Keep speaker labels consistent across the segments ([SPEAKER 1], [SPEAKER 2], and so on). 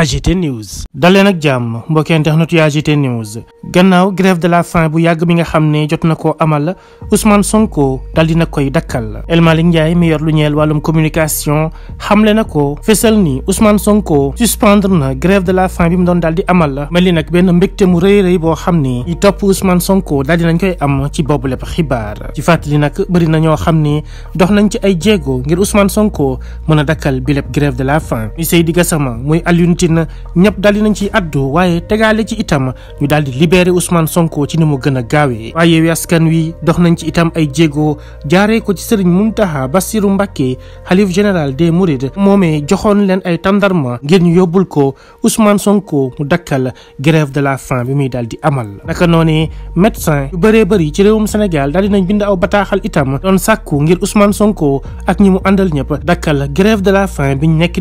[SPEAKER 1] AGT News dalee jàmm mbokki internet yu AGT News gannaaw grève de la faim bu yàgg mi nga xam ne jot na koo amal Ousmane Sonko dal na koy dakkal El Malick Ndiaye mi yor lu ñeel wàllum communication xamle na ko fesal ni Ousmane Sonko suspendre na grève de la faim bi mu doon daal di amal mel ni nag benn mbégte mu rëy rëy boo xam ni yi topp Ousmane Sonko daal dinañ koy am ci boobu lépp xibaar ci fàttali nag bari na ñoo xam ni dox nañ ci ay jéego ngir Ousmane Sonko mën a doxalin ñëpp daal di nañ ci addu waaye tegaale ci itam ñu daal di libéré Ousmane Sonko ci ni mu gën a gaawee. waaye wi askan wi dox nañ ci itam ay jéego jaaree ko ci sëriñ Muntaxa Bassirou Mbacké xalif général des Mourides moomee joxoon leen ay tàndarma ngir ñu yóbbul ko Ousmane Sonko mu dakkal grève de la faim bi muy daal di amal. naka noonee médecin yu bëree bëri ci réewum Sénégal daal di nañ bind aw bataaxal itam doon sàkku ngir Ousmane Sonko ak ñi mu àndal ñëpp dakkal grève la faim bi ñu nekk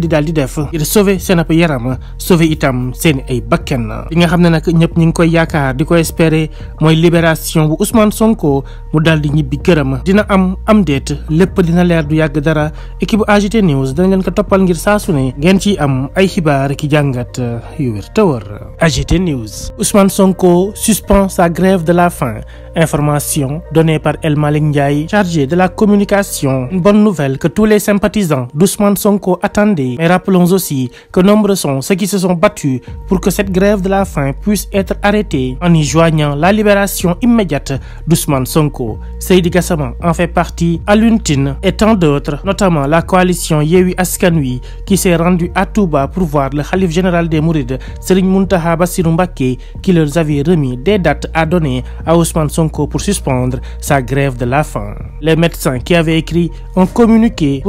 [SPEAKER 1] sauver itam seen ay bakken li nga xam ne nag ñëpp ñu ngi koy yaakaar di ko espérer mooy libération bu Ousmane Sonko mu daal di ñibbi këram dina am am déet lépp dina leer du yàgg dara équipe bu AGT News dana leen ko toppal ngir saa su ne ngeen ciy am ay xibaar ki jàngat yu wér te wër AGT News Ousmane Sonko suspend sa grève de la faim information donnée par El Malick Ndiaye de la communication une bonne nouvelle que tous les sympathisants Sonko sont ceux qui se sont battus pour que cette grève de la faim puisse être arrêtée en y joignant la libération immédiate d'Ousmane Sonko. Seydi en fait partie, Alioune et tant d'autres, notamment la coalition Yewwi Askan Wi qui s'est rendue à Touba pour voir le khalife général des Mourides, Serigne Mountakha Bassirou Mbacké, qui leur avait remis des dates à donner à Ousmane Sonko pour suspendre sa grève de la faim. Les médecins qui avaient écrit un communiqué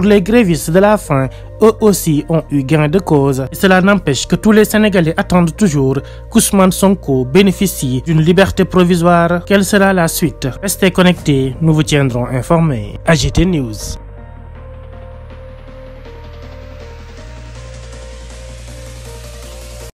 [SPEAKER 1] eux aussi ont eu gain de cause. Et cela n'empêche que tous les Sénégalais attendent toujours son Sonko bénéficie d'une liberté provisoire. Quelle sera la suite? Restez connectés, nous vous tiendrons informés. AGT News.